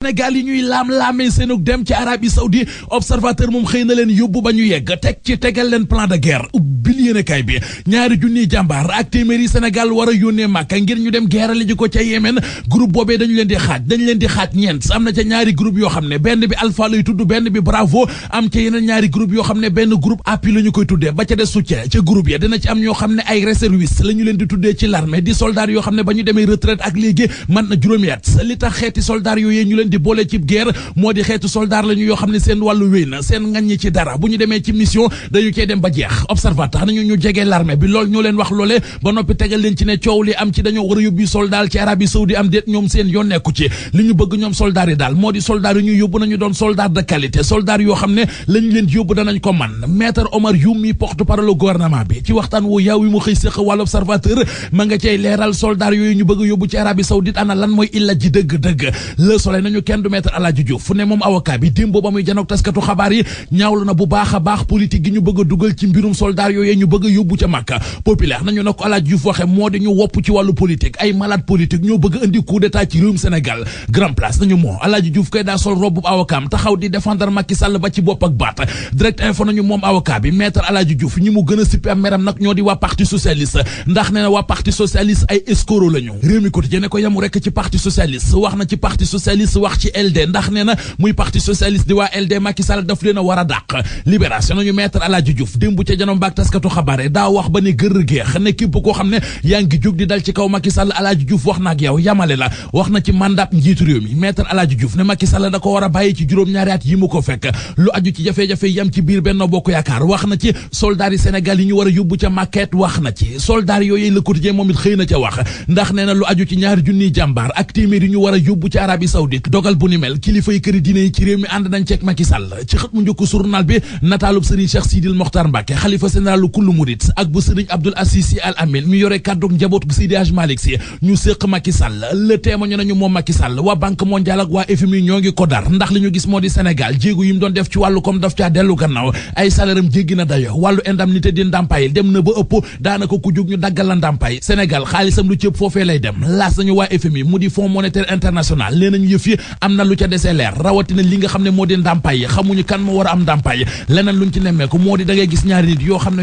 Sénégal yi ñuy laam-laamee seenug dem ci Arabie Saoudi observateur moom xëy na leen yóbbu ba ñu yegg teg ci tegal leen plan de guerre yéenekaay bi ñaari junniy jàmbaar ak téeméeri Sénégal war yónnee Màkka ngir ñu dem geerale ji ko ca Yémen groupe boobee dañu leen di xaaj dañu leen di xaaj ñeent am na ca ñaari groupe yoo xam ne benn bi Alpha lay yoo xam ne benn groupe appui la ñu koy tuddee ba ca des soutien ca groupe ya dina ci am ñoo xam ne ay réservistes la leen di tuddee ci l'armée di soldats yoo xam ne ba ñu demee retraite ak léegi mën na juróomi at li tax xeeti soldats yooyu ñu leen di boolee ci guerre moo di xeetu soldats la yoo xam ne seen wàllu wéy na seen ngañ ci dara bu ñu demee ci ñu ñu jege l'armée bi loolu ñoo leen wax loolee ba noppi tegal leen ci ne coow li am ci dañoo war a yóbbu soldaar ci Arabie Saoudi am déet ñoom seen yoon nekku ci li ñu bëgg ñoom soldaar yi daal moo di soldaar yi ñu bëgg yóbbu ci Arabie Saoudite ana lan mooy illa ji dëgg-dëgg Le Soleil nañu kenn du maître Aladji Diouf fu ne moom avocat bi démb ba muy janoog taskatu xabaar yi ñaawlu na bu baax a baax politique gi ñu bëgg a dugal ci mbirum soldaar yooyu ñu bëgg a yóbbu ca màkka populaire nañu na ko alaaj Diouf waxe moo di ñu wopp ci wàllu politique ay malade politique ñoo bëgg indi coup d'état ci réewum Sénégal grand place nañu moom avocat bi ñi mu gën sippi am meram nag ñoo di waa parti socialiste ndax nee na waa parti socialiste ay escroc lañu réew mi quotidien ne ko yamu rekk ci parti socialiste wax na ci parti socialiste wax ci LD ndax nee na muy parti socialiste di waa LD Macky daf leen a a taskatu xabaar daa wax ba ne gër geex ne képp koo xam ne yaa ngi jóg di dal ci kaw Macky Sall Alaaji wax na ak yow yamale la wax na ci mandat njiitu réew mi maître Alaaji Diouf ne Macky Sall da ko war a bàyyi ci juróom-ñaari at yi mu ko fekk lu aju ci jafe-jafe yam ci biir Benno Bokk Yaakaar wax na ci soldaar yi Sénégal yi ñu war a yóbbu ca Maquette wax na ci soldaar yooyu Le Quotidien moom it xëy na ca wax ndax nee na lu aju ci ñaari junniy jàmbaar ak téeméer yi ñu war a yóbbu ci Arabie Saoudite dogal bu ni mel kilifa yi këri diine ci réew mi ànd nañ ceeg Macky Sall ci xët mu njëkk journal bi nataalub Serigne Cheikh Sidil Mokhtar Mbacké xalifa kullu murit ak bu sëriñ Abdul Aziz Sy Al Amine mi yore kàddug njaboot gu Seydi Hadj Malick ñu séq Macky Sall le témoigne nañu moom Macky Sall waa banque mondiale ak waa FMI ñoo ngi ko dar ndax li ñu gis moo di Sénégal jéego yi mu def ci wàllu comme daf caa dellu gannaaw ay salaire jéggi na dayo wàllu indemnité di ndàmpaay dem na ba ëpp daanaka ku ñu daggal la ndàmpaay Sénégal xaalisam lu cëpp foofee lay dem laas nañu waa FMI yi am di ndàmpaay xamuñu kan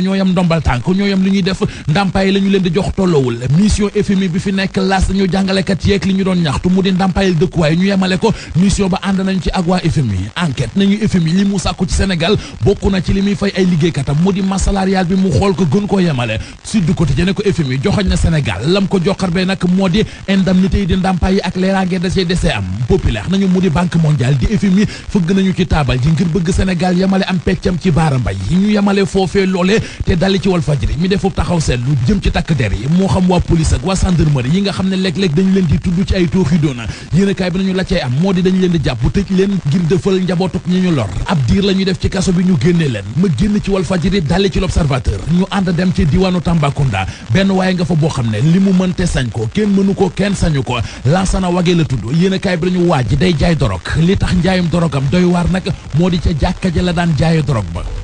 a yem ndombal tànk ñoo yem li ñuy def ndàmpaay la lañu leen di jox tolloowul mission FMI bi fi nekk laas ñu jàngalekat yeeg li ñu doon ñaxtu mu di ndàmpaayal dëkkuwaay ñu yemale ko mission ba ànd nañ ci ak waa FMI enquête nañu FMI li mu sàkku ci Sénégal bokk na ci li muy fay ay liggéeykatam mu di masse salariale bi mu xool ko gën koo yemale Sud Quotidien ne ko FMI joxoñ na Sénégal lam ko joxar bee nag moo di indemnité yi di ndàmpaay yi ak leeraange da cee desee am populaire nañu mu di banque mondiale di FMI fëgg nañu ci taabal ji ngir bëgg Sénégal yemale am peccam ci baara mbay yi ñu yemale foofee loolee te dali ci Walfadjri mi defub taxaw seetlu jëm ci takk der yi moo xam waa police ak waa gendarmerie yi nga xam ne léeg-léeg dañu leen di tudd ci ay tooxi doona yéen a kaay bi nañu la cay am moo di dañu leen di jàpp tëj leen ngir dëfal njabootuk ñi ñu lor ab la ñuy def ci kaso bi ñu génnee leen ma génn ci Walfadjri dali ci l'observateur ñu ànd dem ci diwaanu Tambacounda benn waaye nga fa boo xam ne li mu mën te sañ ko kenn mënu ko kenn sañu ko Lansana Wagé la tudd yéen a kaay bi nañu waaj day jaay dorog li tax njaayum dorogam doy waar nag moo di ca jàkka ja la daan jaaye dorog ba